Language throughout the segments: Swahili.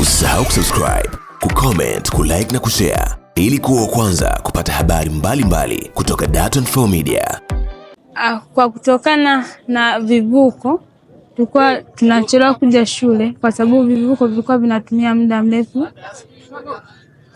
Usisahau kusubscribe, kucomment, kulike na kushare ili kuwa kwanza kupata habari mbalimbali mbali kutoka Dar24 Media. Ah, kwa kutokana na vivuko tulikuwa tunachelewa kuja shule kwa sababu vivuko vilikuwa vinatumia muda mrefu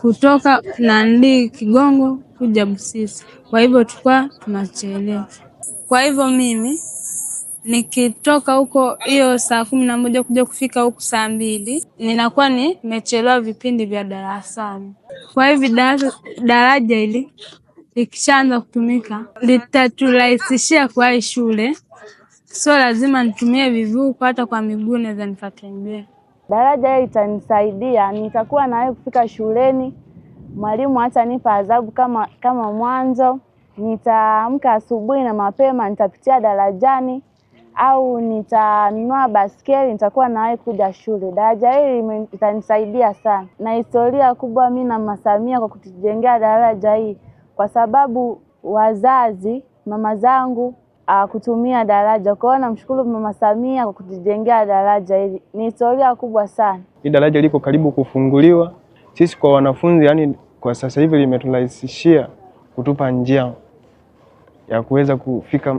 kutoka Nandi Kigongo kuja Busisi, kwa hivyo tulikuwa tunachelewa. Kwa hivyo mimi nikitoka huko hiyo saa kumi na moja kuja kufika huku saa mbili ninakuwa nimechelewa vipindi vya darasani. Kwa hivi daraja hili likishaanza kutumika litaturahisishia kuwahi shule, sio lazima nitumie vivuko, hata kwa miguu naweza nikatembea. Daraja hili itanisaidia, nitakuwa nawe kufika shuleni, mwalimu nipa adhabu kama kama mwanzo. Nitaamka asubuhi na mapema, nitapitia darajani au nitanunua baskeli nitakuwa nawahi kuja shule. Daraja hili litanisaidia sana, na historia kubwa mi na Masamia kwa kutujengea daraja hii kwa sababu wazazi mama zangu akutumia daraja. Kwa hiyo namshukuru Mama Samia kwa kutujengea daraja hili, ni historia kubwa sana. Hii daraja liko karibu kufunguliwa, sisi kwa wanafunzi, yani kwa sasa hivi limeturahisishia kutupa njia ya kuweza kufika